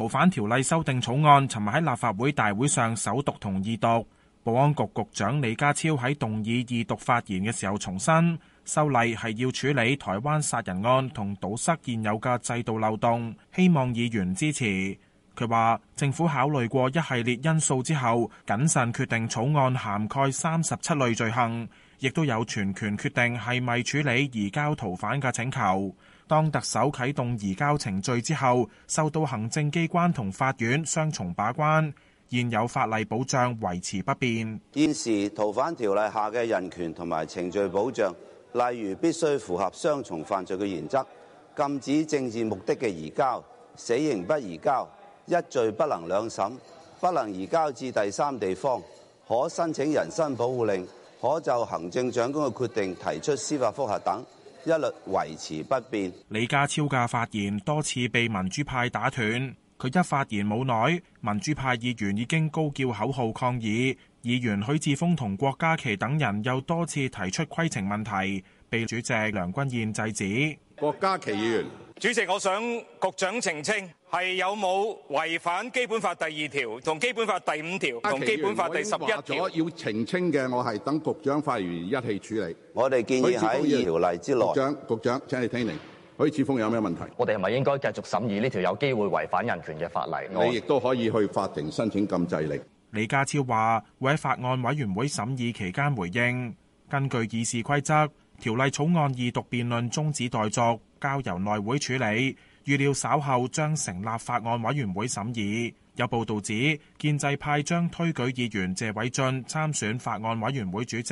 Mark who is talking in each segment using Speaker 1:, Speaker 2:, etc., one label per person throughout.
Speaker 1: 逃犯條例修訂草案尋日喺立法會大會上首讀同二讀，保安局局長李家超喺動議二讀發言嘅時候重申，修例係要處理台灣殺人案同堵塞現有嘅制度漏洞，希望議員支持。佢話政府考慮過一系列因素之後，謹慎決定草案涵蓋三十七類罪行。亦都有全權決定係咪處理移交逃犯嘅請求。當特首啟動移交程序之後，受到行政機關同法院雙重把關，現有法例保障維持不變。現
Speaker 2: 時逃犯條例下嘅人權同埋程序保障，例如必須符合雙重犯罪嘅原則，禁止政治目的嘅移交，死刑不移交，一罪不能兩審，不能移交至第三地方，可申請人身保護令。可就行政長官嘅決定提出司法覆核等，一律維持不變。
Speaker 1: 李家超嘅發言多次被民主派打斷，佢一發言冇耐，民主派議員已經高叫口號抗議。議員許智峰同郭家麒等人又多次提出規程問題，被主席梁君彥制止。郭家麒議員，主席，我想局長澄清。係有冇違反基本法第二條、同基本法第五條、同基本法第十一條？我哋咗要澄
Speaker 2: 清嘅，我係等局長、發言一起處理。我哋建議喺條例之內。局長、局
Speaker 1: 長，請你聽令。許志峰有咩問題？我哋係咪應
Speaker 3: 該繼續審議呢條有機會違反人權嘅法
Speaker 2: 例？我亦都可以去法庭申請禁制令。
Speaker 1: 李家超話會喺法案委員會審議期間回應。根據議事規則，條例草案二讀辯論終止待續，交由內會處理。預料稍後將成立法案委員會審議。有報道指，建制派將推舉議員謝偉俊參選法案委員會主席。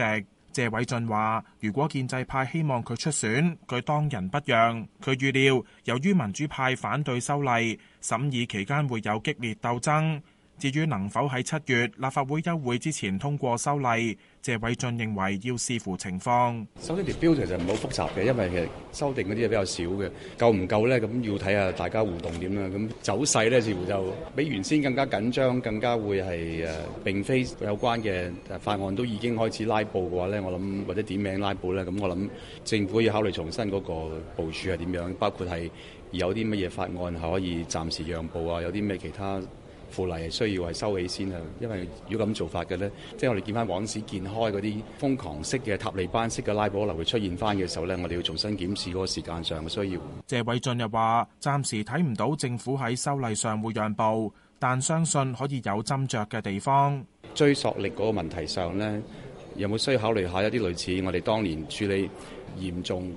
Speaker 1: 謝偉俊話，如果建制派希望佢出選，佢當仁不讓。佢預料，由於民主派反對修例，審議期間會有激烈鬥爭。至於能否喺七月立法會休會之前通過修例，謝偉俊認為要視乎情況。
Speaker 3: 首先條標其實唔好複雜嘅，因為其實修訂嗰啲嘢比較少嘅，夠唔夠咧？咁要睇下大家互動點啦。咁走勢咧，似乎就比原先更加緊張，更加會係誒。並非有關嘅法案都已經開始拉布嘅話咧，我諗或者點名拉布咧，咁我諗政府要考慮重新嗰個部署係點樣，包括係有啲乜嘢法案係可以暫時讓步啊，有啲咩其他。扶例係需要係收起先啊，因為如果咁做法嘅咧，即係我哋見翻往時見開嗰啲瘋狂式嘅塔利班式嘅拉布，可能會出現翻嘅時候咧，我哋要重新檢視
Speaker 1: 嗰個時間上嘅需要。謝偉俊又話：暫時睇唔到政府喺修例上會讓步，但相信可以有斟酌嘅地方。追溯力嗰個問題上
Speaker 3: 咧，有冇需要考慮一下一啲類似我哋當年處理嚴重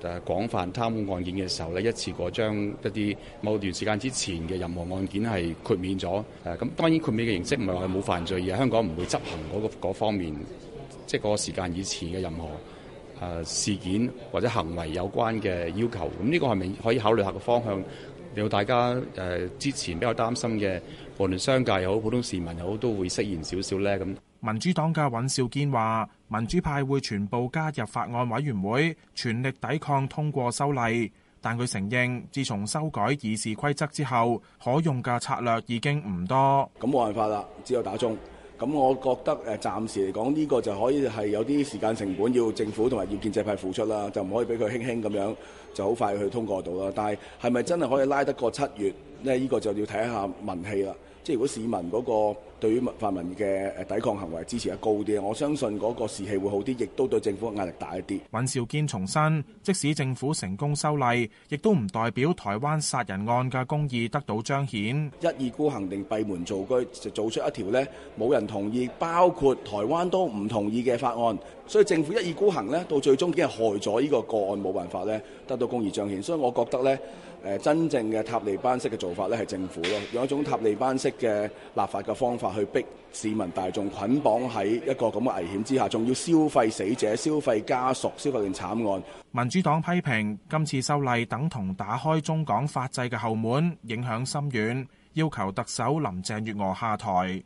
Speaker 3: 誒廣泛貪污案件嘅時候咧，一次過將一啲某段時間之前嘅任何案件係豁免咗，誒、啊、咁當然豁免嘅形式唔係話冇犯罪，而係香港唔會執行嗰、嗰個嗰方面，即係嗰個時間以前嘅任何誒、啊、事件或者行為有關嘅要求。咁呢個係咪可以考慮下個方向，令到大家誒、啊、之前比較擔心嘅，無論商界又好、普通市民又好，都會釋然少少咧？咁、啊。
Speaker 1: 民主黨嘅尹兆堅話，民主派會全部加入法案委員會，全力抵抗通過修例。但佢承認，自從修改議事規則之後，可用嘅策略已經唔多。
Speaker 2: 咁冇辦法啦，只有打中。咁我覺得誒，暫時嚟講呢個就可以係有啲時間成本要政府同埋要建制派付出啦，就唔可以俾佢輕輕咁樣就好快去通過到啦。但係係咪真係可以拉得過七月呢？呢個就要睇下民氣啦。即如果市民嗰個對於民泛民嘅誒抵抗行為支持係高啲，我
Speaker 1: 相信嗰個士氣會好啲，亦都對政府壓力大一啲。尹兆堅重申，即使政府成功修例，亦都唔代表台灣殺人案嘅公義得到彰顯，
Speaker 2: 一意孤行定閉門造車，就做出一條咧，冇人同意，包括台灣都唔同意嘅法案。所以政府一意孤行咧，到最終竟係害咗呢個個案冇辦法咧得到公義彰顯，所以我覺得咧，誒真正嘅塔利班式嘅做法咧係政府咯，有一種塔利班式。嘅立法嘅方法去逼市民大眾捆綁喺一個咁嘅危險之下，仲要消費死者、消費家屬、消費件慘案。
Speaker 1: 民主黨批評今次修例等同打開中港法制嘅後門，影響深遠，要求特首林鄭月娥下台。